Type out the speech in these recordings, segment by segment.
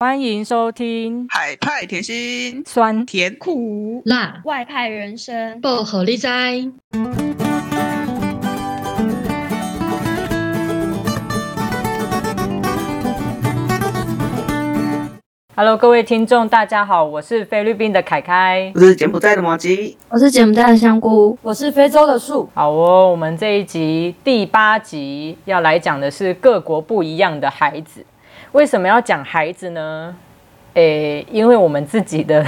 歡迎收聽海派甜心，酸甜苦辣外派人生，薄荷理的哉。Hello，各位聽眾，大家好，我是菲律賓的凱凱，我是柬埔寨的麻吉，我是柬埔寨的香菇，我是非洲的樹。好哦，我們這一集第八集要來講的是各國不一樣的孩子。為什麼要講孩子呢？誒，因為我們自己的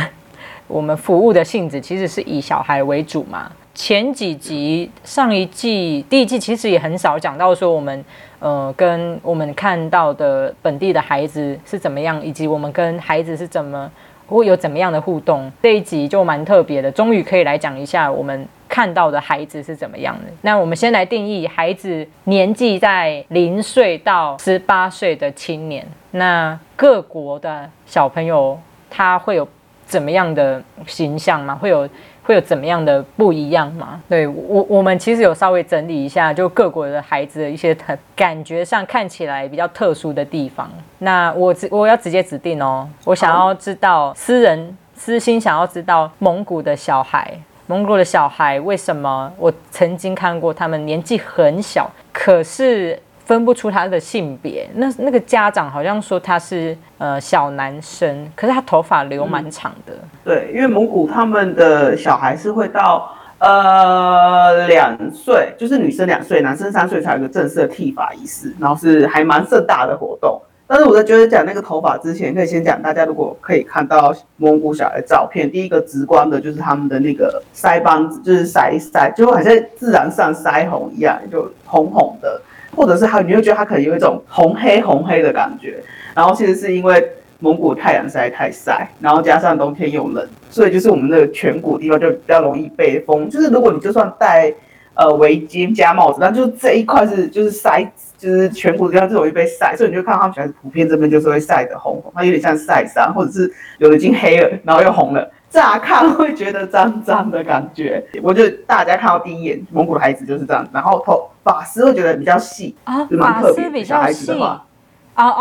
我們服務的性質其實是以小孩為主嘛。前幾集、上一季、第一季其實也很少講到說我們，呃，跟我們看到的本地的孩子是怎麼樣，以及我們跟孩子是怎麼會有怎麼樣的互動。這一集就蠻特別的，終於可以來講一下我們看到的孩子是怎麼樣的？那我們先來定義孩子，年紀在零歲到十八歲的青年。那各國的小朋友，他會有怎麼樣的形象嗎？會有會有怎麼樣的不一樣嗎？對，我，我們其實有稍微整理一下，就各國的孩子的一些感覺上看起來比較特殊的地方。那我我我要直接指定哦，我想要知道私人，私心想要知道蒙古的小孩。蒙古的小孩為什麼？我曾經看過，他們年紀很小，可是分不出他的性別。那那個家長好像說他是呃小男生，可是他頭髮留蠻長的。嗯。對，因為蒙古他們的小孩是會到呃兩歲，就是女生兩歲，男生三歲才有一個正式的剃髮儀式，然後是還蠻盛大的活動。但是我在覺得講那個頭髮之前，可以先講，大家如果可以看到蒙古小孩的照片，第一個直觀的就是他們的那個腮幫子，就是腮腮，就好像自然上腮紅一樣，就紅紅的，或者是他你會覺得他可能有一種紅黑紅黑的感覺。然後其實是因為蒙古太陽曬太曬，然後加上冬天又冷，所以就是我們那個顴的顴骨地方就比較容易被風。就是如果你就算戴呃，圍巾加帽子，但就這一塊是就是曬，就是顴骨這樣最容易被曬，所以你就看他們其實普遍這邊就是會曬的紅紅，它有點像曬傷，或者是有的已經黑了，然後又紅了，乍看會覺得髒髒的感覺。我覺得大家看到第一眼，蒙古的孩子就是這樣子。然後頭髮絲會覺得比較細啊，髮絲比較細，哦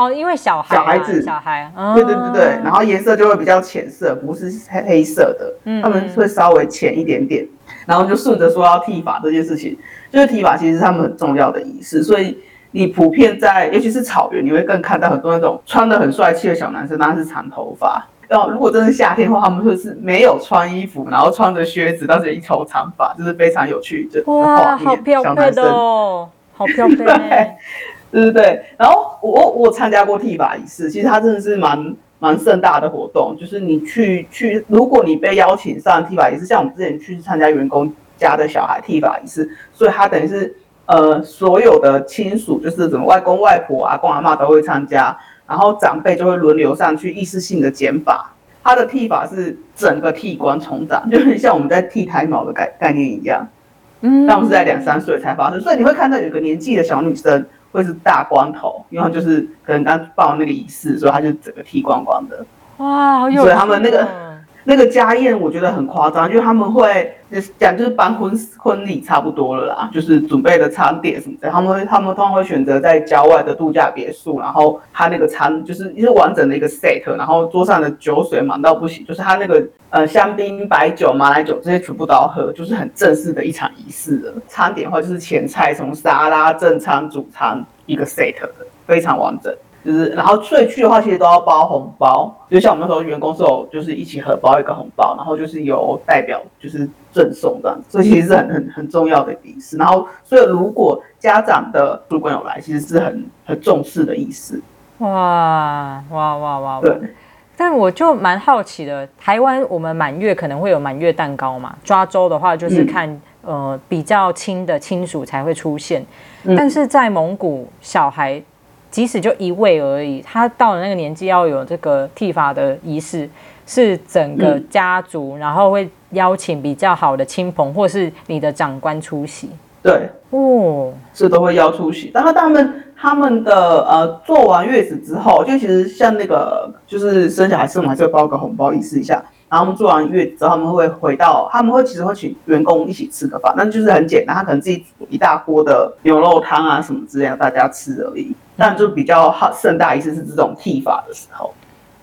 哦，因為小孩，小孩，小孩子，小孩，對對對對，哦、然後顏色就會比較淺色，不是黑黑色的嗯嗯，他們會稍微淺一點點。然後就順着說要剃髮這件事情，就是剃髮其實是他們很重要的儀式，所以你普遍在，尤其是草原，你會更看到很多那種穿的很帥氣的小男生，當然是長頭髮。然後如果真是夏天的話，他們會是沒有穿衣服，然後穿着靴子，但是有一頭長髮，就是非常有趣。哇，好漂亮的哦，好漂亮。 對對對。然後我我參加過剃髮儀式，其實他真的是蠻。蠻盛大的活動，就是你去去，如果你被邀請上剃髮儀式，像我們之前去參加員工家的小孩剃髮儀式，所以他等於是呃所有的親屬，就是什麼外公外婆啊、阿公阿嬤都會參加，然後長輩就會輪流上去儀式性的剪髮，他的剃髮是整個剃光重長，就是像我們在剃胎毛的概概念一樣，嗯，但我們是在兩三歲才發生，所以你會看到有個年紀的小女生。會是大光頭，因為他就是可能他報那個儀式，所以他就整個剃光光的。哇，好有趣啊。所以他們那個。那個家宴我覺得很誇張，就是他們會講，就是辦婚婚禮差不多了啦，就是準備的餐點什麼的，他們會他們通常會選擇在郊外的度假別墅，然後他那個餐就是一個完整的一個 set，然後桌上的酒水滿到不行，就是他那個呃香檳、白酒、馬奶酒這些全部都要喝，就是很正式的一場儀式了。餐點的話就是前菜、從沙拉、正餐、主餐一個 set，非常完整。就是，然後睡去的話，其實都要包紅包，就像我們那時候員工是有，就是一起合包一個紅包，然後就是由代表就是贈送這樣子，所以其實是很很很重要的意思。然後，所以如果家長的主管有來，其實是很很重視的意思哇。哇哇哇哇！對。但我就蠻好奇的，台灣我們滿月可能會有滿月蛋糕嘛，抓周的話就是看、嗯、呃比較親的親屬才會出現、嗯，但是在蒙古小孩。即使就一位而已，他到了那個年紀要有這個剃髮的儀式，是整個家族、嗯，然後會邀請比較好的親朋或是你的長官出席。對，哦，是都會邀出席。然後他們他們的呃坐完月子之後，就其實像那個就是生小孩子，我們還是包個紅包意思一下。然後他們坐完月子之後，他們會回到，他們會其實會請員工一起吃個飯，那就是很簡單，他可能自己煮一大鍋的牛肉湯啊什麼之類的，大家吃而已。但就比較好，盛大意思是這種剃髮的時候。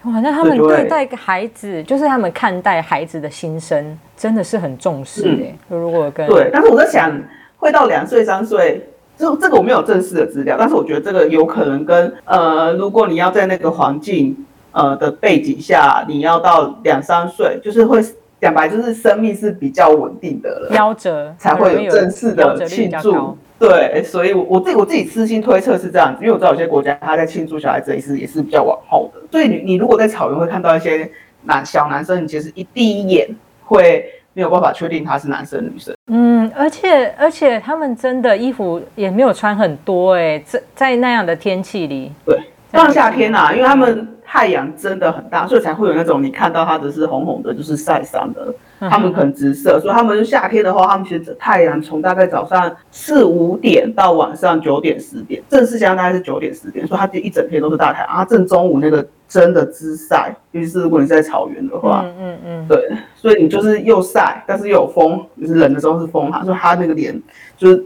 哇，那他們對待孩子，就，就是他們看待孩子的心聲真的是很重視的、欸嗯。如果跟對，但是我在想，會到兩歲三歲，就這個我沒有正式的資料，但是我覺得這個有可能跟呃，如果你要在那個環境。呃的背景下，你要到兩三歲，就是會講話，就是生命是比較穩定的了，夭折才會有正式的慶祝。對，所以，我我自己我自己私心推測是這樣，因為我知道有些國家他在慶祝小孩子也是也是比較往後的，所以你你如果在草原會看到一些男小男生，你其實一第一眼會沒有辦法確定他是男生女生。嗯，而且而且他們真的衣服也沒有穿很多誒、欸，在在那樣的天氣裡，對。像夏天吶、啊，因為他們太陽真的很大，所以才會有那種你看到他的是紅紅的，就是曬傷的。他們很直射，所以他們夏天的話，他們其實太陽從大概早上四五點到晚上九點十點，正式相當大概是九點十點，所以他就一整天都是大太陽。他正中午那個真的直曬，尤其是如果你在草原的話，嗯嗯嗯，對，所以你就是又晒，但是又有風，就是冷的時候是風寒，所以他那個臉就是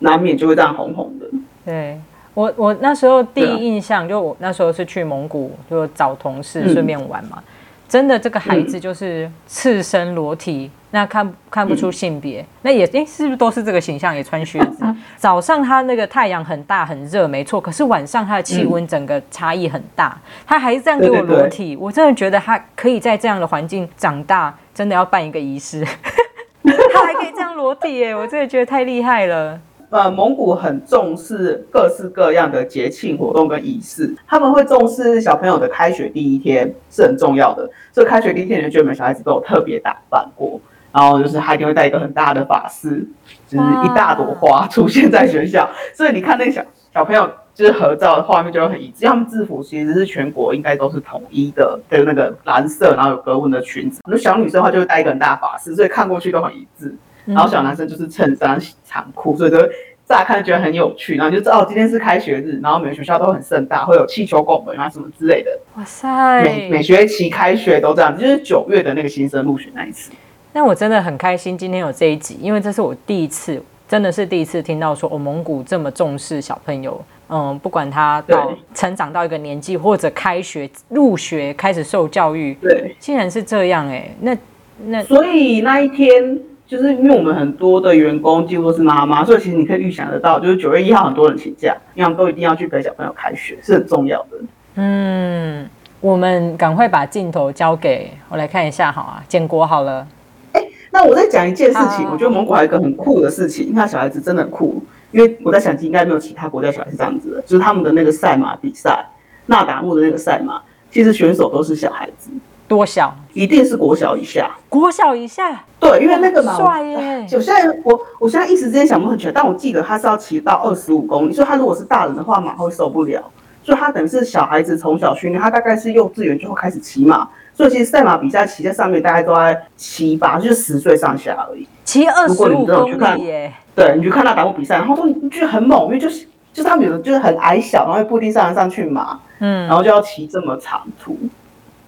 難免就會這樣紅紅的，對。我我那時候第一印象就我那時候是去蒙古就找同事順便玩嘛、嗯，真的這個孩子就是赤身裸體，嗯、那看看不出性別，那也誒、欸、是不是都是這個形象也穿靴子、啊，早上他那個太陽很大很熱，沒錯，可是晚上他的氣溫整個差異很大、嗯，他還是這樣給我裸體、對對對，我真的覺得他可以在這樣的環境長大，真的要辦一個儀式， 他還可以這樣裸體哎、欸，我真的覺得太厲害了。呃、嗯，蒙古很重視各式各樣的節慶活動跟儀式，他們會重視小朋友的開學第一天是很重要的。所以開學第一天，就覺得每小孩子都有特別打扮過，然後就是他一定會帶一個很大的髮飾，就是一大朵花出現在學校。啊、所以你看那個小小朋友，就是合照的畫面就很一致。他們制服其實是全國應該都是統一的，就有那個藍色，然後有格紋的裙子。那小女生的話就會帶一個很大髮飾，所以看過去都很一致。然後小男生就是襯衫長褲，所以就乍看覺得很有趣。然後你就知道今天是開學日，然後每個學校都很盛大，會有氣球拱門啊什麼之類的。哇塞！每每學期開學都這樣，就是九月的那個新生入學那一次。那我真的很開心，今天有這一集，因為這是我第一次，真的是第一次聽到說我、哦、蒙古這麼重視小朋友。嗯，不管他到成長到一個年紀或者開學入學開始受教育，對，竟然是這樣哎、欸，那那所以那一天。就是因為我們很多的員工幾乎都是媽媽，所以其實你可以預想得到，就是九月一號很多人請假，因為他們都一定要去陪小朋友開學，是很重要的。嗯，我們趕快把鏡頭交給我來看一下，好啊，建國好了。哎、欸，那我再講一件事情、啊，我覺得蒙古還有一個很酷的事情，你看小孩子真的很酷，因為我在想，應該沒有其他國家小孩子這樣子，就是他們的那個賽馬比賽，那達慕的那個賽馬，其實選手都是小孩子。多小？一定是國小以下，國小以下。對，因為那個嘛，對，就現在，我我現在一時之間想不很全，但我記得他是要騎到二十五公里，所以他如果是大人的話，馬會受不了。所以他等於是小孩子從小訓練，他大概是幼稚園就會開始騎馬，所以其實賽馬比賽騎在上面大概都在七八，就是十歲上下而已。騎二十五公里耶，如果你去看耶，對你就看他打過比賽，然後就很猛，因為就是就是他們有的就是很矮小，然後不一定上得上去馬，嗯，然後就要騎這麼長途。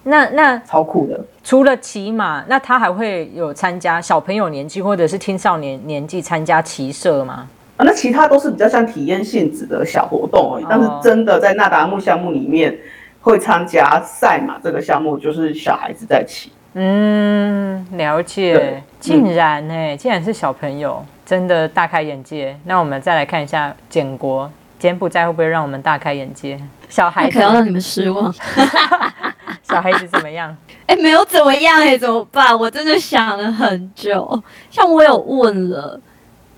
那那超酷的，除了騎馬，那他還會有參加小朋友年紀或者是青少年年紀參加騎射嗎？啊，那其他都是比較像體驗性質的小活動而已。哦、但是真的在那達慕項目裡面，會參加賽馬這個項目，就是小孩子在騎。嗯，了解，竟然呢、欸嗯？竟然是小朋友，真的大開眼界。那我們再來看一下，柬國柬埔寨會不會讓我們大開眼界？小孩子可要讓你們失望。 小孩子怎麼樣？誒、哎，沒有怎麼樣誒、欸，怎麼辦？我真的想了很久。像我有問了，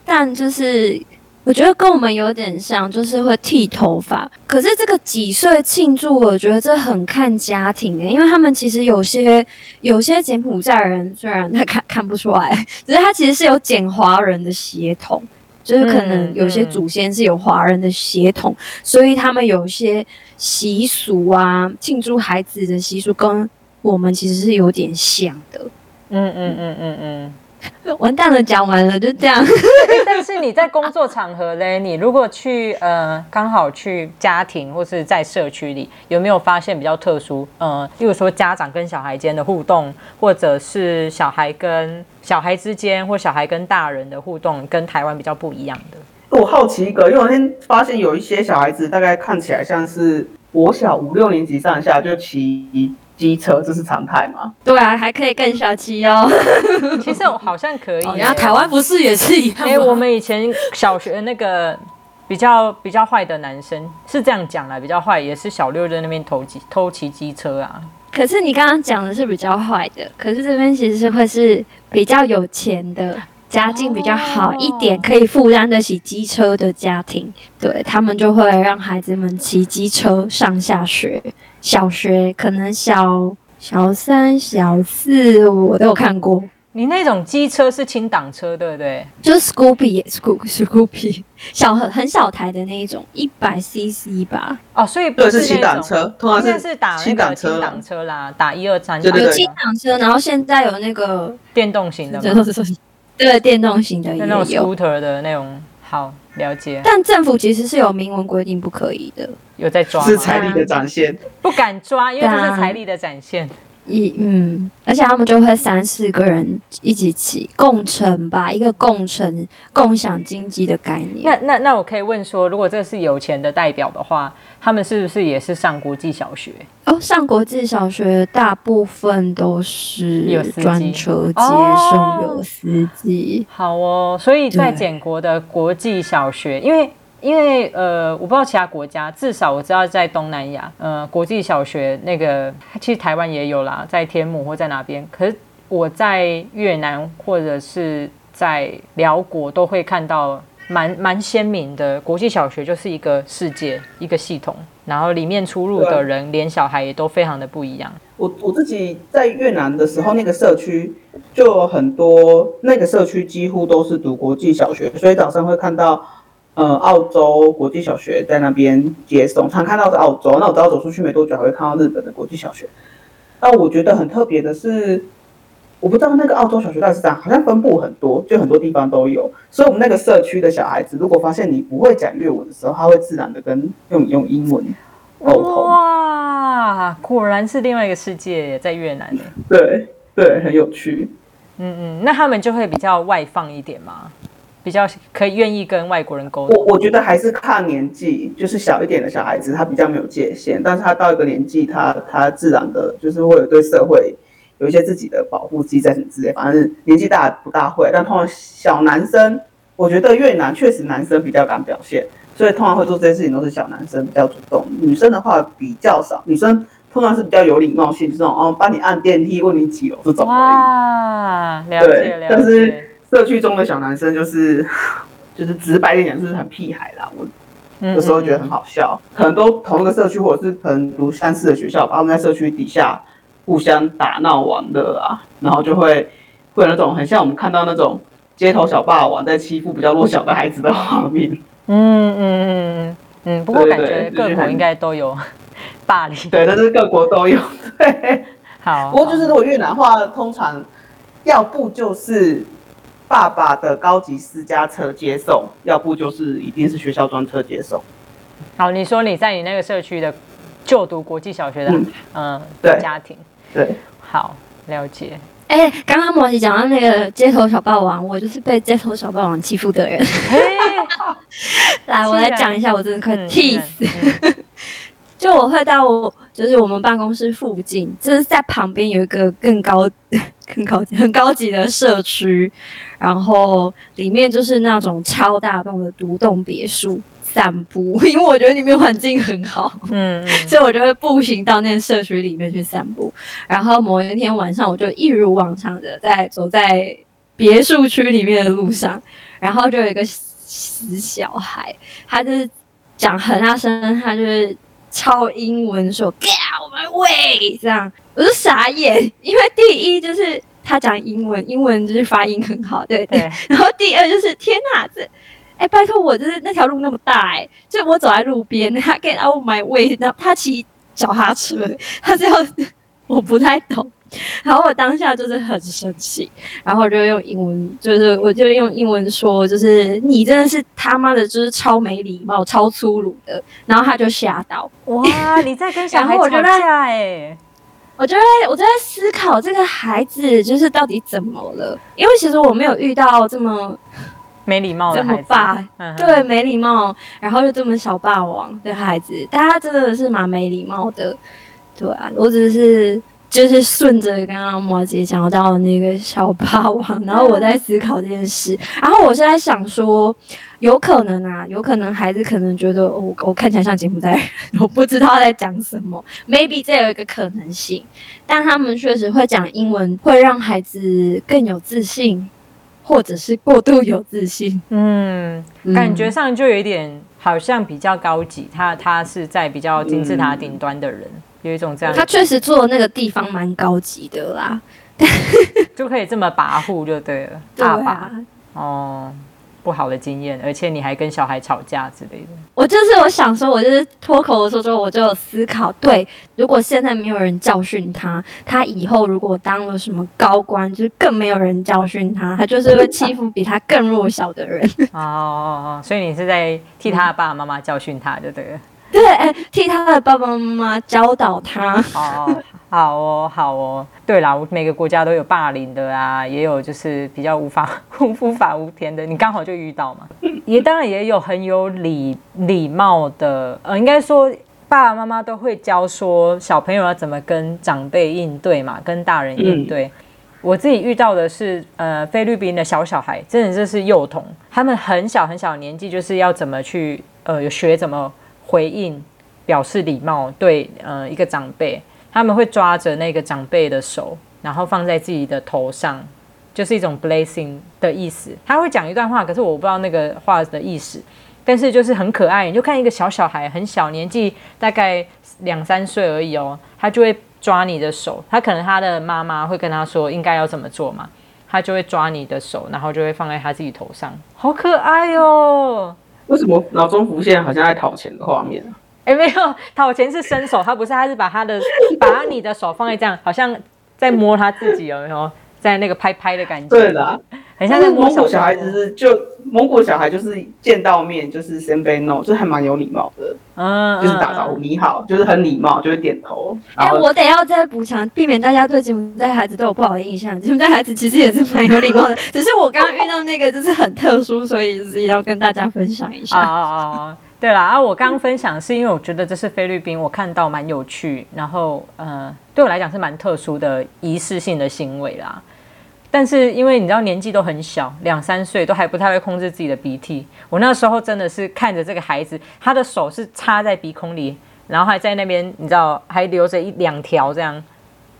但就是我覺得跟我們有點像，就是會剃頭髮。可是這個幾歲慶祝，我覺得這很看家庭誒、欸，因為他們其實有些有些柬埔寨人，雖然他看看不出來，只是他其實是有柬華人的血統。就是可能有些祖先是有華人的血統，嗯嗯嗯，所以他們有些習俗啊，慶祝孩子的習俗跟我們其實是有點像的。嗯嗯嗯嗯嗯。嗯嗯嗯嗯完蛋了，講完了就這樣。 但是你在工作場合嘞，你如果去呃，剛好去家庭或是在社區裡，有沒有發現比較特殊？嗯、呃，例如說家長跟小孩間的互動，或者是小孩跟小孩之間，或小孩跟大人的互動，跟台灣比較不一樣的？我好奇一個，因為我發現有一些小孩子大概看起來像是國小五六年級上下，就其。機車這是常態嗎？對啊，還可以更小氣哦、喔。 其實我好像可以。 然後台灣不是也是一樣嗎、？ 欸、我們以前小學那個比較 比較壞的男生是這樣講啦，比較壞也是小六在那邊偷騎偷騎機車啊。可是你剛剛講的是比較壞的，可是這邊其實是會是比較有錢的家境比較好、oh. 一點，可以負擔得起機車的家庭，對，他們就會讓孩子們騎機車上下學。小學可能小、小三、小四，我都有看過。你那種機車是輕檔車，對不對？就是 Scoopy，Scoopy，Scoop, Scoopy，小很很小台的那一種，一百 cc 吧。哦，所以不是對是輕檔車，通常是輕檔車，擋車啦，打一二三。有輕擋車，然後現在有那個電動型的嗎？對，電動型的也有。那種 scooter 的那種，好。了解，但政府其實是有明文規定不可以的，有在抓。是財力的展現， 不敢抓，因為這是財力的展現。 一嗯，而且他們就會三四個人一起騎，共乘吧，一個共乘、共享經濟的概念。那那那，那我可以問說，如果這是有錢的代表的話，他們是不是也是上國際小學？哦，上國際小學大部分都是有專車接送，有司機、oh, 哦啊。好哦，所以在柬國的國際小學，因為。因為呃，我不知道其他國家，至少我知道在東南亞，呃，國際小學那個其實台灣也有啦，在天母或在哪邊。可是我在越南或者是在寮國，都會看到蠻蠻鮮明的國際小學，就是一個世界一個系統，然後裡面出入的人連小孩也都非常的不一樣。我我自己在越南的時候，那個社區就很多，那個社區幾乎都是讀國際小學，所以早上會看到。呃，澳洲國際小學在那邊接送，常看到是澳洲。那我知道走出去沒多久，還會看到日本的國際小學。那我覺得很特別的是，我不知道那個澳洲小學大概是這樣，好像分布很多，就很多地方都有。所以我們那個社區的小孩子，如果發現你不會講越文的時候，他會自然的跟用用英文溝通。哇，果然是另外一個世界，在越南的。對對，很有趣。嗯嗯，那他們就會比較外放一點嗎？比較可以願意跟外國人溝通。我我覺得還是看年紀，就是小一點的小孩子，他比較沒有界限。但是他到一個年紀，他他自然的，就是會有對社會有一些自己的保護機制什麼之類。反正年紀大不大會。但通常小男生，我覺得越南確實男生比較敢表現，所以通常會做這些事情都是小男生比較主動。女生的話比較少，女生通常是比較有禮貌性，就是、這種，哦，幫你按電梯、問你幾樓這種。哇，了解了解。社區中的小男生就是，就是直白一點，就是很屁孩啦。我有時候覺得很好笑，很、嗯、多、嗯、同一個社區或者是很如相似的學校，他們在社區底下互相打鬧玩樂啊，然後就會會有那種很像我們看到那種街頭小霸王在欺負比較弱小的孩子的畫面。嗯嗯嗯嗯嗯，不過感覺各國應該都有霸凌。對，對,對，但，就是各國都有。對，好，好。不過就是如果越南話，通常要不就是。爸爸的高級私家車接送，要不就是一定是學校專車接送。好，你說你在你那個社區的就讀國際小學的，嗯，呃、對，家庭，對，好，了解。哎、欸，剛剛莫西講到那個街頭小霸王，我就是被街頭小霸王欺負的人。欸、 來，我來講一下， 我真的快氣死。嗯嗯嗯就我會到我，就是我們辦公室附近，就是在旁邊有一個更高、更高級、很高級的社區，然後裡面就是那種超大棟的獨棟別墅散步，因為我覺得裡面環境很好，嗯，嗯，所以我就會步行到那社區裡面去散步。然後某一天晚上，我就一如往常的在走在別墅區裡面的路上，然後就有一個死小孩，他就是講很大聲，他就是。抄英文說 “get out my way” 這樣，我就傻眼，因為第一就是他講英文，英文就是發音很好，對對，對,對。然後第二就是天哪、啊，這哎、欸、拜託我就是那條路那麼大哎、欸，就我走在路邊，他 get out my way，然後他騎腳踏車，他這樣。 我不太懂，然後我當下就是很生氣，然後我就用英文，就是我就用英文說，就是你真的是他媽的，就是超沒禮貌、超粗魯的。然後他就嚇到，哇！ 你在跟小孩吵架哎？我就在，我就在思考這個孩子就是到底怎麼了，因為其實我沒有遇到這麼沒禮貌的孩子、嗯，對，沒禮貌，然後又這麼小霸王的孩子，但他真的是蠻沒禮貌的。對啊，我只是就是順着剛剛摩姐講到的那個小霸王，然後我在思考這件事，然後我是在想說，有可能啊，有可能孩子可能覺得我、哦、我看起來像柬埔寨， 我不知道在講什麼。Maybe 這有一個可能性，但他們確實會講英文，會讓孩子更有自信，或者是過度有自信。嗯，感覺上就有點好像比較高級，他他是在比較金字塔頂端的人。嗯有一種這樣、哦，他確實住那個地方蠻高級的啦 ， 就可以這麼跋扈就對了，對啊，爸爸哦，不好的經驗，而且你還跟小孩吵架之類的。我就是我想說，我就是脫口的時候說，我就有思考，對，如果現在沒有人教訓他，他以後如果當了什麼高官，就是更沒有人教訓他，他就是會欺負比他更弱小的人。 哦，哦哦哦，所以你是在替他的爸爸媽媽教訓他就對了。對，哎、欸，替他的爸爸媽媽教導他。好、哦，好哦，好哦。對啦，我每個國家都有霸凌的啊，也有就是比較無法無法無天的，你剛好就遇到嘛。也當然也有很有禮禮貌的，呃，應該說爸爸媽媽都會教說小朋友要怎麼跟長輩應對嘛，跟大人應對、嗯。我自己遇到的是，呃，菲律賓的小小孩，真的就是幼童，他們很小很小的年紀就是要怎麼去，呃，學怎麼。回應表示禮貌，對，呃，一個長輩，他們會抓着那個長輩的手，然後放在自己的頭上，就是一種 blessing 的意思。他會講一段話，可是我不知道那個話的意思，但是就是很可愛。你就看一個小小孩，很小年紀，大概兩三歲而已哦，他就會抓你的手，他可能他的媽媽會跟他說應該要怎麼做嘛，他就會抓你的手，然後就會放在他自己頭上，好可愛哦。為什麼腦中浮現好像在討錢的畫面呢、啊？欸、沒有討錢是伸手，他不是，他是把他的把你的手放在這樣，好像在摸他自己，有沒有在那個拍拍的感覺？對的。像是蒙古小孩子，就是就蒙古小孩就是見到面就是先背弄 y n 就是還蠻有禮貌的，嗯、啊，就是打招呼、嗯、你好，就是很禮貌，就是點頭。哎、欸，我得要再補償，避免大家對柬埔寨孩子都有不好的印象。柬埔寨孩子其實也是蠻有禮貌的，只是我剛剛遇到那個就是很特殊，哦、所以是要跟大家分享一下。哦、啊、哦、啊、對啦。啊，我剛剛分享是因為我覺得這是菲律賓，我看到蠻有趣，然後呃，對我來講是蠻特殊的儀式性的行為啦。但是因為你知道年紀都很小，兩三歲都還不太會控制自己的鼻涕。我那時候真的是看着這個孩子，他的手是插在鼻孔裡，然後還在那邊，你知道還留着一兩條這樣。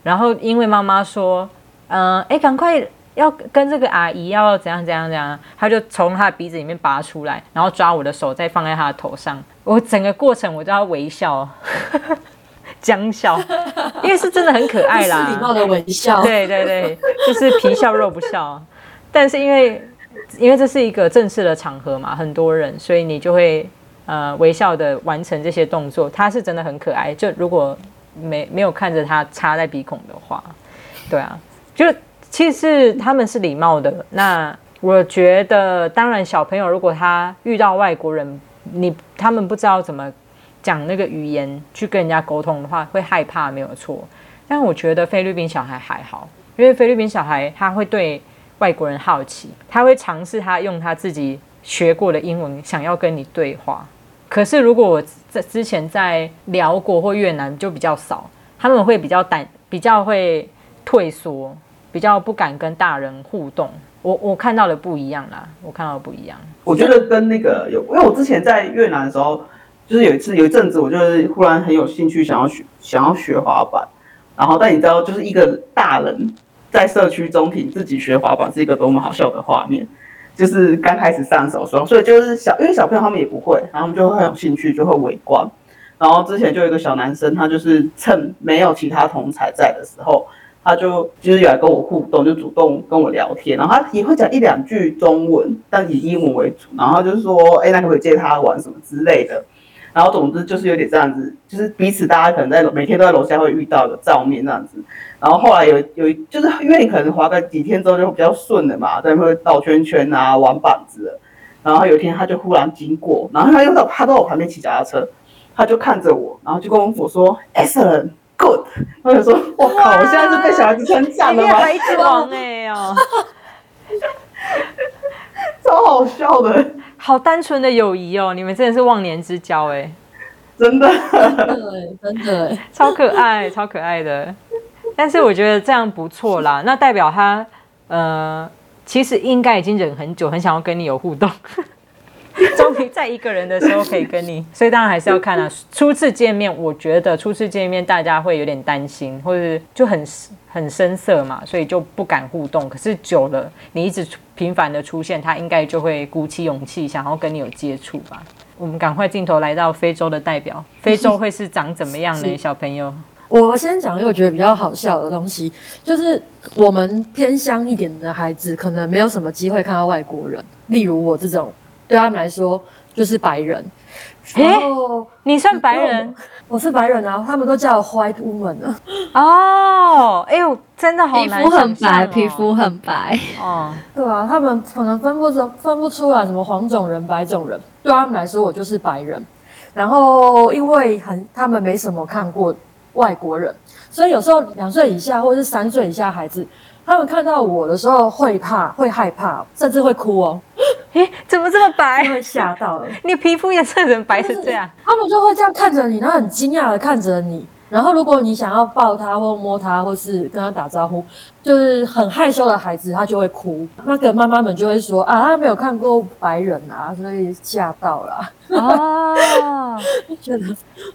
然後因為媽媽說，嗯、呃，哎，趕快要跟這個阿姨要怎樣怎樣怎樣，他就從他的鼻子裡面拔出來，然後抓我的手再放在他的頭上。我整個過程我都要微笑。 僵笑，因為是真的很可愛啦，是禮貌的微笑。對，對對對，就是皮笑肉不笑。但是因為因為這是一個正式的場合嘛，很多人，所以你就會呃微笑的完成這些動作。他是真的很可愛，就如果沒沒有看着他插在鼻孔的話，對啊，就其實他們是禮貌的。那我覺得，當然小朋友如果他遇到外國人，你他們不知道怎麼。講那個語言去跟人家溝通的話，會害怕沒有錯。但我覺得菲律賓小孩還好，因為菲律賓小孩他會對外國人好奇，他會嘗試他用他自己學過的英文想要跟你對話。可是如果我在之前在寮國或越南就比較少，他們會比較膽比較會退縮，比較不敢跟大人互動。我我看到的不一樣啦，我看到的不一樣。我覺得跟那個有，因為我之前在越南的時候。就是有一次，有一陣子，我就是忽然很有興趣，想要學想要學滑板，然後但你知道，就是一個大人在社區中庭自己學滑板，是一個多麼好笑的畫面。就是剛開始上手時候，所以就是小，因為小朋友他們也不會，然後他們就很有興趣，就會圍觀。然後之前就有一個小男生，他就是趁沒有其他同學在的時候，他就就是有來跟我互動，就主動跟我聊天。然後他也會講一兩句中文，但以英文為主。然後他就是說，哎、欸，那你會可以借他玩什麼之類的？然後總之就是有點這樣子，就是彼此大家可能在每天都在樓下會遇到的照面這樣子。然後後來有有就是因為你可能滑個幾天之後就比較順了嘛，但會繞圈圈啊玩板子。然後有一天他就忽然經過，然後他又是趴到我旁邊騎腳踏車，他就看着我，然後就跟我說 Excellent, good。我就說，我靠，我現在是被小孩子稱讚了嗎？孩子王哎哦 超好笑的。好單純的友誼哦，你們真的是忘年之交哎，真的，真的，真的欸，超可愛，超可愛的。 但是我覺得這樣不錯啦，那代表他，呃，其實應該已經忍很久，很想要跟你有互動。 終於在一個人的時候可以跟你，所以當然還是要看啊，初次見面，我覺得初次見面大家會有點擔心，或者是就很很生澀嘛，所以就不敢互動。可是久了，你一直頻繁的出現，他應該就會鼓起勇氣，想要跟你有接觸吧。我們趕快鏡頭來到非洲的代表，非洲會是長怎麼樣呢？小朋友 ，我先講一個我覺得比較好笑的東西，就是我們偏鄉一點的孩子，可能沒有什麼機會看到外國人，例如我這種。對他們來說就是白人。哎，你算白人？我是白人啊，他們都叫我 white woman 了。哦，哎喲，真的好難想、啊、皮膚很白，皮膚很白。哦，對啊，他們可能分不出分不出來什麼黃種人、白種人。對他們來說，我就是白人。然後因為很，他們沒什麼看過外國人，所以有時候兩歲以下或是三歲以下的孩子，他們看到我的時候會怕，會害怕，甚至會哭哦。誒、欸、怎麼這麼白？嚇到了！你皮膚也是怎麼白成這樣，就是。他們就會這樣看着你，然後很驚訝的看着你。然後，如果你想要抱他或摸他，或是跟他打招呼，就是很害羞的孩子，他就會哭。那個媽媽們就會說啊，他沒有看過白人啊，所以嚇到了。啊， 覺得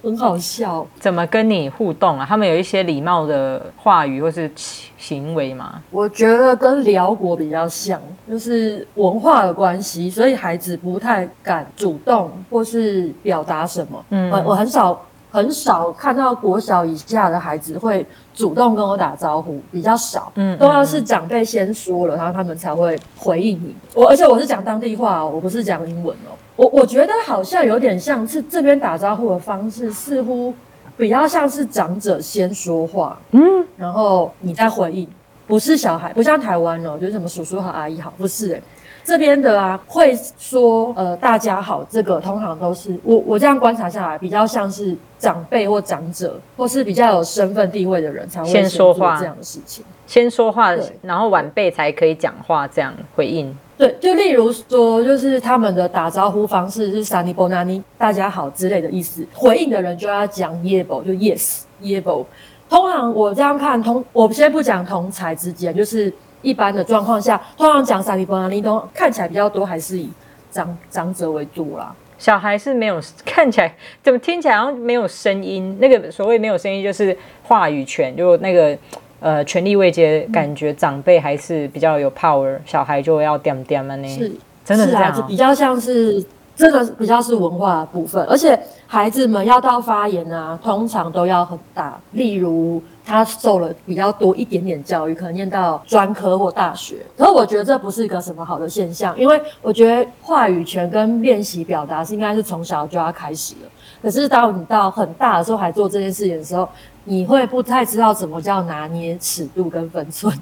很好笑。怎麼跟你互動啊？他們有一些禮貌的話語或是行為嗎？我覺得跟寮國比較像，就是文化的關係，所以孩子不太敢主動或是表達什麼。嗯，我、嗯、我很少。很少看到國小以下的孩子會主動跟我打招呼，比較少，嗯，都要是長輩先說了，然後他們才會回應你。我，而且我是講當地話哦，我不是講英文哦。我我覺得好像有點像是這邊打招呼的方式，似乎比較像是長者先說話，嗯，然後你再回應，不是小孩，不像台灣哦，就是什麼叔叔好、阿姨好，不是誒、欸。這邊的啊，會說呃大家好，這個通常都是我我這樣觀察下來，比較像是長輩或長者，或是比較有身份地位的人才會先說話這樣的事情，先說話，說話然後晚輩才可以講話這樣回應。對，就例如說，就是他們的打招呼方式是 “Sanibonani” 大家好之類的意思，回應的人就要講 “yebo” 就 yes yebo。通常我這樣看同，我先不講同儕之間，就是。一般的狀況下，通常講史瓦帝尼啊，你都看起來比較多，還是以長，長者為主啦。小孩是沒有看起來，怎麼聽起來好像沒有聲音？那個所謂沒有聲音，就是話語權，就那個呃權力未接、嗯，感覺長輩還是比較有 power，小孩就要點點呢。是，真的是這樣、哦。是啊，這比較像是這個比較是文化的部分，而且孩子們要到發言啊，通常都要很大，例如。他受了比較多一點點教育，可能念到專科或大學。可是我覺得這不是一個什麼好的現象，因為我覺得話語權跟練習表達是應該是從小就要開始的。可是當你到很大的時候還做這件事情的時候，你會不太知道什麼叫拿捏尺度跟分寸，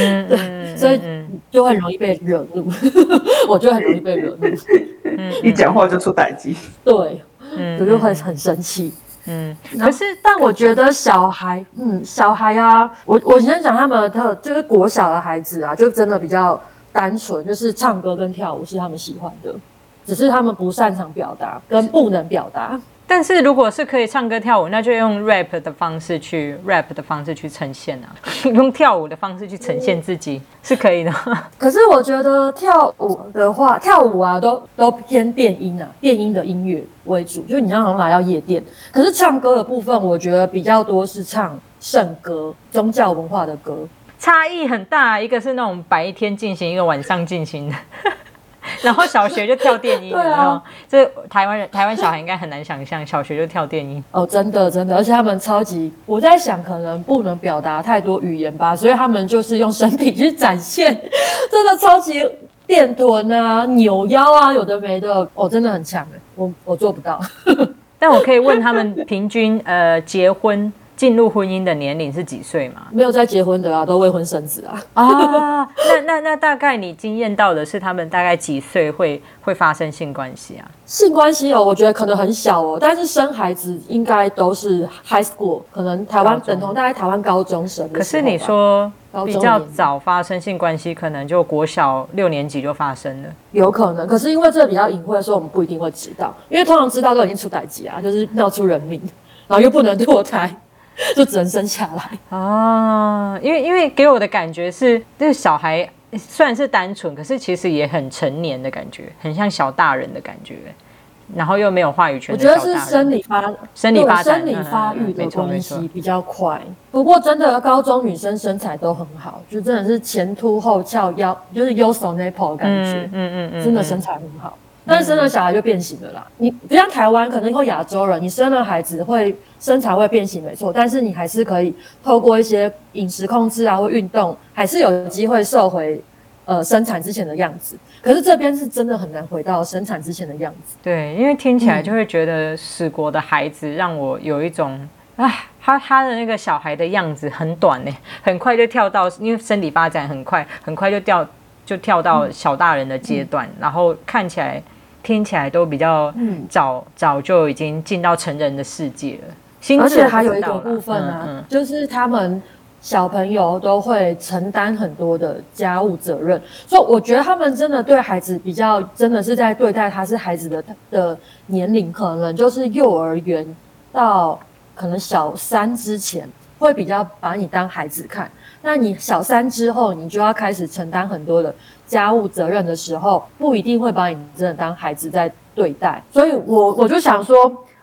嗯、 對，所以就很容易被惹怒，嗯嗯、 我就很容易被惹怒，一講話就出代誌，對我、嗯、就會、是很，嗯、很生氣。嗯，可是，但我覺得小孩，嗯，小孩啊，我我先講他們的特，就是國小的孩子啊，就真的比較單純，就是唱歌跟跳舞是他們喜歡的，只是他們不擅長表達跟不能表達。但是如果是可以唱歌跳舞，那就用 rap 的方式去 rap 的方式去呈現啊， 用跳舞的方式去呈現自己是可以的。可是我覺得跳舞的話，跳舞啊都都偏電音啊，電音的音樂為主，就你好像來到夜店。可是唱歌的部分，我覺得比較多是唱聖歌、宗教文化的歌，差異很大。一個是那種白天進行，一個晚上進行的。 然後小學就跳電音， 對啊，這台灣人台灣小孩應該很難想象，小學就跳電音哦，真的真的，而且他們超級，我在想可能不能表達太多語言吧，所以他們就是用身體去展現，真的超級電臀啊、扭腰啊，有的沒的，哦，真的很強的，我我做不到， 但我可以問他們平均呃結婚。進入婚姻的年齡是幾歲嘛？沒有在結婚的啊，都未婚生子啊。啊， 那那那大概你經驗到的是他們大概幾歲會會發生性關係啊？性關係哦，我覺得可能很小哦，但是生孩子應該都是 high school，可能台灣等同大概台灣高中生的。可是你說比較早發生性關係，可能就國小六年級就發生了，有可能。可是因為這比較隱晦，所以我們不一定會知道，因為通常知道都已經出代誌啊，就是鬧出人命，然後又不能墮胎。就只能生下來啊，因為因為給我的感覺是，這個小孩雖然是單純，可是其實也很成年的感覺，很像小大人的感覺，然後又沒有話語權。我覺得是生理發，生理發，生理發育的東西比較快，嗯嗯。不過真的，高中女生身材都很好，就真的是前凸後翹，腰就是優瘦那的感覺，嗯嗯嗯，嗯，真的身材很好。但是生了小孩就變形了啦，你不像台灣，可能以後亞洲人，你生了孩子會身材會變形，沒錯，但是你還是可以透過一些飲食控制啊，或運動，還是有機會瘦回呃生產之前的樣子。可是這邊是真的很難回到生產之前的樣子。對，因為聽起來就會覺得史國的孩子讓我有一種，啊、嗯，他他的那個小孩的樣子很短呢，很快就跳到，因為生理發展很快，很快就掉就跳到小大人的階段、嗯，然後看起來。聽起來都比較嗯，早，早就已經進到成人的世界了。而且還有一種部分啊、嗯嗯，就是他們小朋友都會承擔很多的家務責任，所以我覺得他們真的對孩子比較，真的是在對待他是孩子的的年齡，可能就是幼兒園到可能小三之前，會比較把你當孩子看。那你小三之後，你就要開始承擔很多的。家務責任的時候，不一定會把你真的當孩子在對待，所以我我就想說，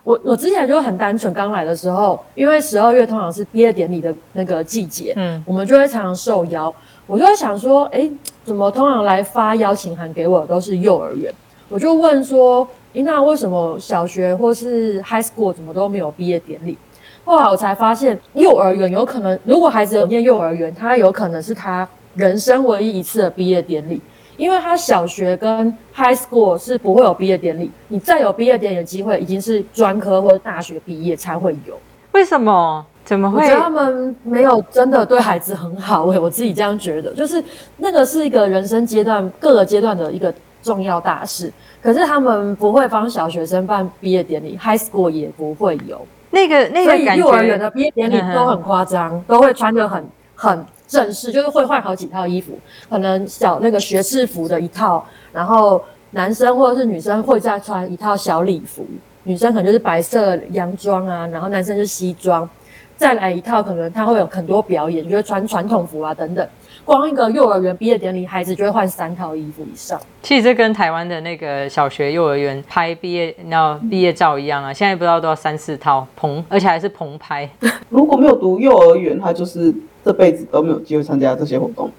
我我之前就很單純，剛來的時候，因為十二月通常是畢業典禮的那個季節，嗯，我們就會常常受邀，我就會想說，誒、欸，怎麼通常來發邀請函給我都是幼兒園，我就問說，咦、欸，那為什麼小學或是 High School 怎麼都沒有畢業典禮？後來我才發現，幼兒園有可能，如果孩子有念幼兒園，他有可能是他。人生唯一一次的畢業典禮，因為他小學跟 high school 是不會有畢業典禮，你再有畢業典禮的機會，已經是專科或者大學畢業才會有。為什麼？怎麼會？我覺得他們沒有真的對孩子很好誒、欸，我自己這樣覺得。就是那個是一個人生階段各個階段的一個重要大事，可是他們不會幫小學生辦畢業典禮，high school 也不會有。那個那個，所以幼兒園的畢業典禮都很誇張，都會穿得很很。很正式，就是會換好幾套衣服，可能小那個學士服的一套，然後男生或者是女生會再穿一套小禮服，女生可能就是白色洋裝啊，然後男生就是西裝，再來一套可能他會有很多表演，就會穿傳統服啊等等。光一個幼兒園畢業典禮，孩子就會換三套衣服以上。其實跟台灣的那個小學、幼兒園拍畢業那畢業照一樣啊，現在不知道都要三四套，棚，而且還是棚拍。 如果沒有讀幼兒園，他就是。這輩子都沒有機會參加這些活動，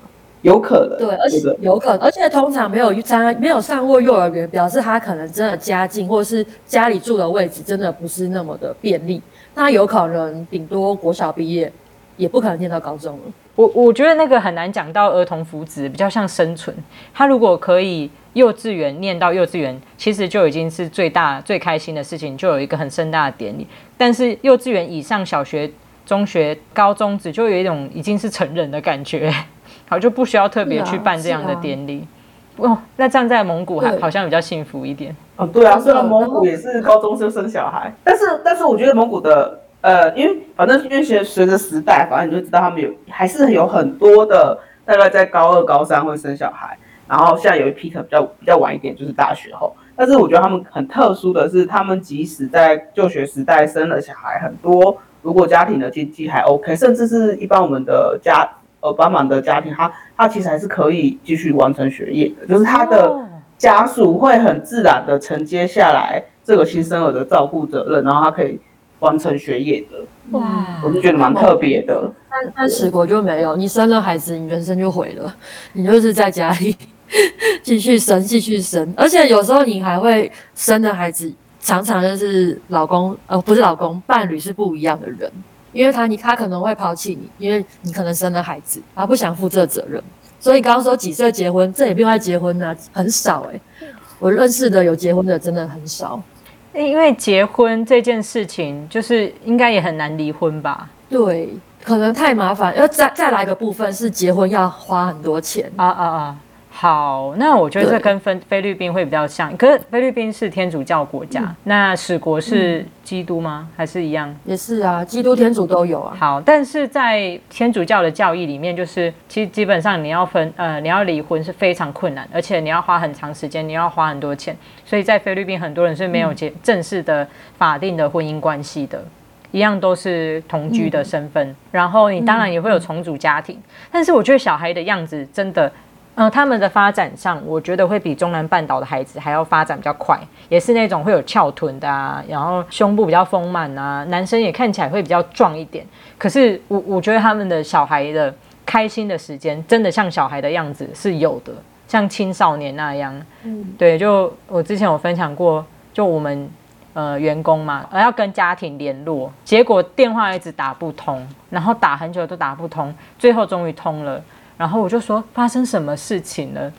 有可能對，對，而且有可能，而且通常沒有上沒有上過幼兒園，表示他可能真的家境或是家裡住的位置真的不是那麼的便利，那有可能頂多國小畢業，也不可能念到高中了。我我覺得那個很難講到兒童福祉，比較像生存。他如果可以幼稚園念到幼稚園，其實就已經是最大最開心的事情，就有一個很盛大的典禮。但是幼稚園以上小學。中學、高中就就有一種已經是成人的感覺，好，就不需要特別去辦這樣的典禮。啊啊、哦，那站在蒙古還好像比較幸福一點。哦、嗯，對啊，雖然蒙古也是高中就生小孩，嗯、但是但是我覺得蒙古的呃，因為反正因為隨着時代，反正你就知道他們有還是有很多的，大概在高二、高三會生小孩，然後現在有一批可能比較比較晚一點，就是大學後。但是我覺得他們很特殊的是，他們即使在就學時代生了小孩很多。如果家庭的經濟還 OK，甚至是一般我們的家呃幫忙的家庭，他他其實還是可以繼續完成學業的，就是他的家屬會很自然的承接下來這個新生兒的照顧責任，然後他可以完成學業的。哇，我就覺得蠻特別的。但但史國就沒有，你生了孩子，你人生就毀了，你就是在家裡繼續生繼續生，而且有時候你還會生了孩子。常常就是老公，呃，不是老公，伴侶是不一樣的人，因為他，你他可能會拋棄你，因為你可能生了孩子，他不想負這責任。所以剛剛說幾歲結婚，這也變外結婚呢？啊，很少誒、欸，我認識的有結婚的真的很少。因為結婚這件事情，就是應該也很難離婚吧？對，可能太麻煩。要再再來一個部分是結婚要花很多錢。啊啊啊！啊好，那我覺得這跟菲菲律賓會比較像。可是菲律賓是天主教國家，嗯、那史國是基督嗎、嗯？還是一樣？也是啊，基督天主都有啊。好，但是在天主教的教義裡面，就是其實基本上你要分呃，你要離婚是非常困難，而且你要花很長時間，你要花很多錢。所以在菲律賓，很多人是沒有結、嗯、正式的法定的婚姻關係的，一樣都是同居的身份、嗯。然後你當然也會有重組家庭，嗯、但是我覺得小孩的樣子真的。嗯、呃，他們的發展上，我覺得會比中南半島的孩子還要發展比較快，也是那種會有翹臀的啊，然後胸部比較豐滿啊，男生也看起來會比較壯一點。可是我我覺得他們的小孩的開心的時間，真的像小孩的樣子是有的，像青少年那樣。嗯，對，就我之前有分享過，就我們呃，呃員工嘛，要跟家庭聯絡，結果電話一直打不通，然後打很久都打不通，最後終於通了。然後我就說，發生什麼事情了？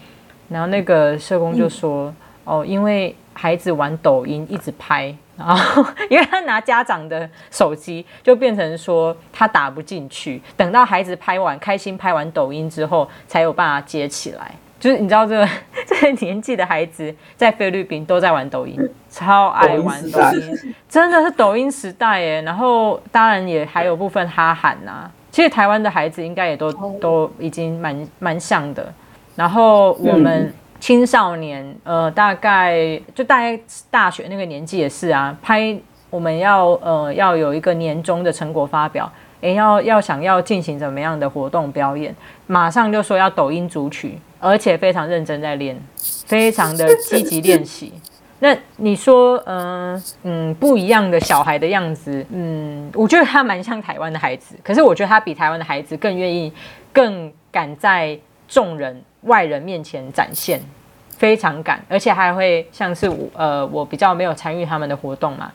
然後那個社工就說，哦，因為孩子玩抖音一直拍，然後因為他拿家長的手機，就變成說他打不進去，等到孩子拍完開心拍完抖音之後，才有辦法接起來。就是你知道這個這個年紀的孩子在菲律賓都在玩抖音，超愛玩抖音，真的是抖音時代耶，然後當然也還有部分哈韓吶、啊。其實台灣的孩子應該也都都已經蠻蠻像的，然後我們青少年，嗯、呃，大概就大概大學那個年紀也是啊，拍我們要呃要有一個年終的成果發表，誒、欸、要要想要進行怎麼樣的活動表演，馬上就說要抖音組曲，而且非常認真在練，非常的積極練習。 那你說，嗯、呃、嗯，不一樣的小孩的樣子，嗯，我覺得他蠻像台灣的孩子，可是我覺得他比台灣的孩子更願意、更敢在眾人、外人面前展現，非常敢，而且還會像是我，呃，我比較沒有參與他們的活動嘛，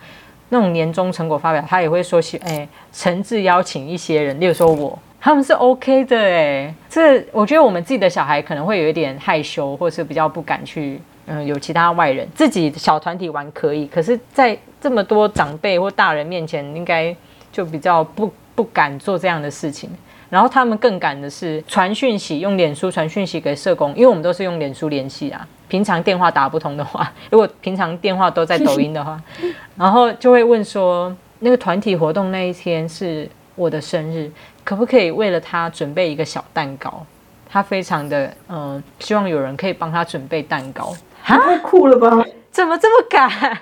那種年終成果發表，他也會說，哎、欸，誠摯邀請一些人，例如說我，他們是 OK 的、欸，哎，這我覺得我們自己的小孩可能會有一點害羞，或是比較不敢去。嗯，有其他外人，自己小團體玩可以，可是，在這麼多長輩或大人面前，應該就比較不不敢做這樣的事情。然後他們更敢的是傳訊息，用臉書傳訊息給社工，因為我們都是用臉書聯繫啊。平常電話打不通的話，如果平常電話都在抖音的話，然後就會問說，那個團體活動那一天是我的生日，可不可以為了他準備一個小蛋糕？他非常的，嗯，希望有人可以幫他準備蛋糕。太酷了吧！怎麼這麼敢？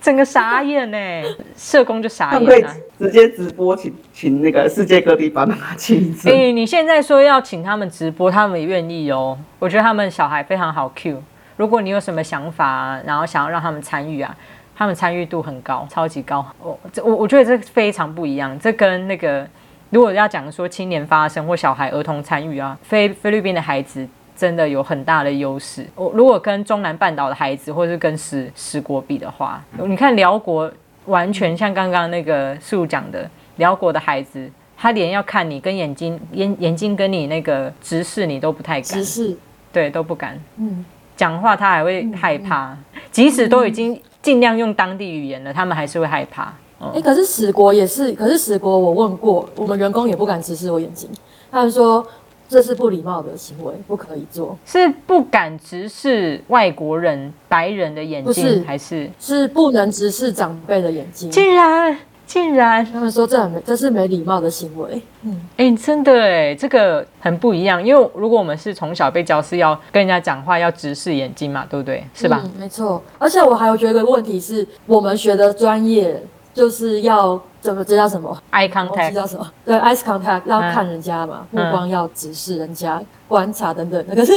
整個傻眼呢、欸！社工就傻眼了、啊。他可以直接直播，請請那個世界各地幫他請、欸。你現在說要請他們直播，他們也願意哦。我覺得他們小孩非常好 Q。如果你有什麼想法，然後想要讓他們參與啊，他們參與度很高，超級高。我這我我覺得這非常不一樣。這跟那個如果要講說青年發聲或小孩兒童參與啊，菲菲律賓的孩子。真的有很大的優勢。我如果跟中南半島的孩子，或是跟史史國比的話，嗯、你看寮國完全像剛剛那個樹講的，寮國的孩子，他連要看你，跟眼睛眼眼睛跟你那個直視你都不太敢直視，對，都不敢。嗯，講話他還會害怕，嗯、即使都已經儘量用當地語言了，他們還是會害怕。哎、嗯欸，可是史國也是，可是史國我問過我們員工也不敢直視我眼睛，他們說。這是不禮貌的行為，不可以做。是不敢直視外國人、白人的眼睛，不是？還是是不能直視長輩的眼睛？竟然竟然，他們說，這很沒，這是沒禮貌的行為。嗯，哎，真的哎，這個很不一樣。因為如果我們是從小被教師要跟人家講話要直視眼睛嘛，對不對？是吧？嗯，沒錯。而且我還有覺得問題是我們學的專業。就是要怎麼這叫什麼？eye contact 叫什麼？對，eye contact、嗯、要看人家嘛，目光要直視人家，嗯，觀察等等。可是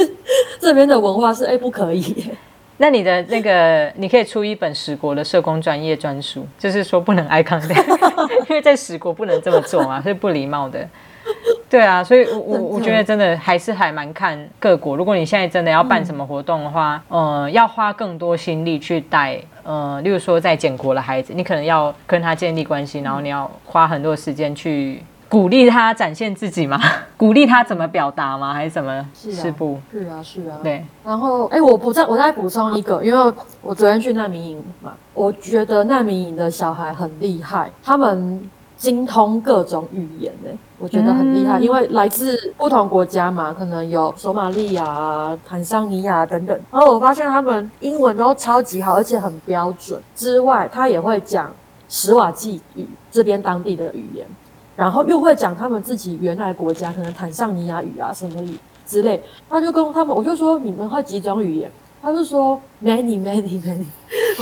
這邊的文化是哎、欸，不可以。那你的那個， 你可以出一本史國的社工專業專書，就是說不能 eye contact。 因為在史國不能這麼做嘛，是不禮貌的。對啊，所以我，我 我我覺得真的還是還蠻看各國。如果你現在真的要辦什麼活動的話，嗯，呃、要花更多心力去帶，嗯、呃，例如說在柬國的孩子，你可能要跟他建立關係，然後你要花很多時間去鼓勵他展現自己嗎？ 鼓勵他怎麼表達嗎？還是怎麼？是是、啊、不？是啊，是啊。對。然後，哎、欸，我補再，我再補充一個，因為我昨天去難民營嘛，我覺得難民營的小孩很厲害，他們。精通各種語言呢、欸，我覺得很厲害、嗯，因為來自不同國家嘛，可能有索馬利亞、坦桑尼亞等等。然後我發現他們英文都超級好，而且很標準。之外，他也會講斯瓦希語這邊當地的語言，然後又會講他們自己原來的國家可能坦桑尼亞語啊什麼語之類。他就跟他們，我就說你們會幾種語言？他就說 many many many n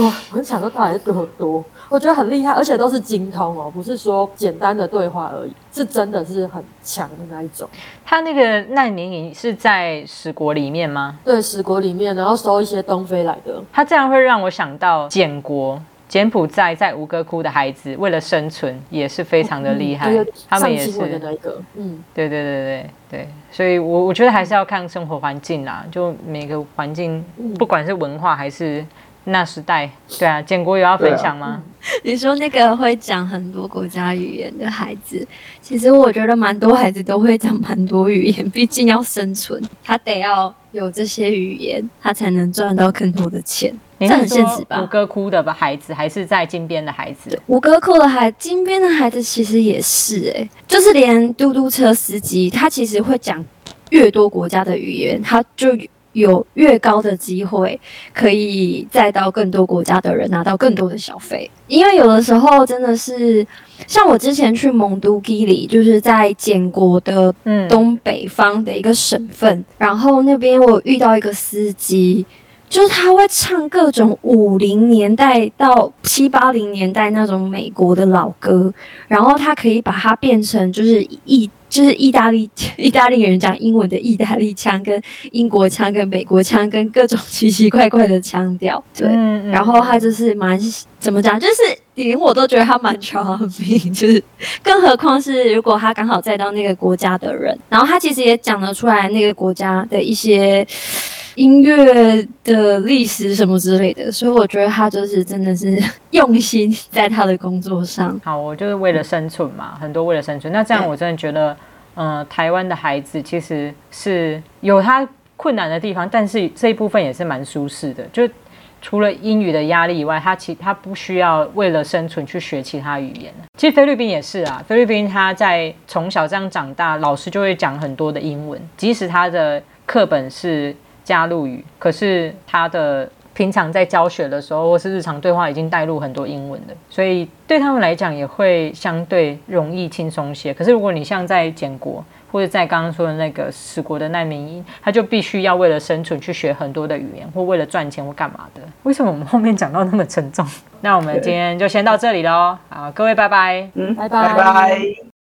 哇！我在想說到底是多多，我覺得很厲害，而且都是精通哦，不是說簡單的對話而已，是真的是很強的那一種。他那個難民營是在十國裡面嗎？對，十國裡面，然後收一些東非來的。他這樣會讓我想到建國。柬埔寨在吳哥窟的孩子為了生存也是非常的厲害，哦嗯的那個嗯，他們也是的那個，嗯，對對對對對，所以我我覺得還是要看生活環境啦。嗯，就每個環境，不管是文化還是那時代，嗯，對啊，建國有要分享嗎？啊嗯，你說那個會講很多國家語言的孩子，其實我覺得蠻多孩子都會講蠻多語言，畢竟要生存，他得要有這些語言，他才能賺到更多的錢。這很現實吧？吳哥窟的吧，孩子還是在金邊的孩子？吳哥窟的孩子，金邊的孩子其實也是哎、欸，就是連嘟嘟車司機，他其實會講越多國家的語言，他就有越高的機會可以載到更多國家的人，拿到更多的小費、嗯。因為有的時候真的是，像我之前去蒙都基里，就是在柬國的東北方的一個省份，嗯、然後那邊我遇到一個司機。就是他會唱各種五零年代到七八零年代那種美國的老歌，然後他可以把它變成就是意就是意大利意大利人講英文的意大利腔，跟英國腔，跟美國腔，跟各種奇奇怪怪的腔調。對，嗯、然後他就是蠻怎麼講，就是連我都覺得他蠻 charming，就是更何況是如果他剛好在到那個國家的人，然後他其實也講得出來那個國家的一些。音樂的歷史什麼之類的，所以我覺得他就是真的是用心在他的工作上。好，我就是為了生存嘛，嗯、很多為了生存。那這樣我真的覺得，嗯、呃，台灣的孩子其實是有他困難的地方，但是這一部分也是蠻舒適的，就除了英語的壓力以外，他其他不需要為了生存去學其他語言。其實菲律賓也是啊，菲律賓他在從小這樣長大，老師就會講很多的英文，即使他的課本是。加入語，可是他的平常在教學的時候，或是日常對話已經帶入很多英文的，所以對他們來講也會相對容易輕鬆些。可是如果你像在柬國，或者在剛剛說的那個史國的難民營，他就必須要為了生存去學很多的語言，或為了賺錢或幹嘛的。為什麼我們後面講到那麼沉重？那我們今天就先到這裡嘍，好，各位拜拜，嗯，拜拜拜，拜。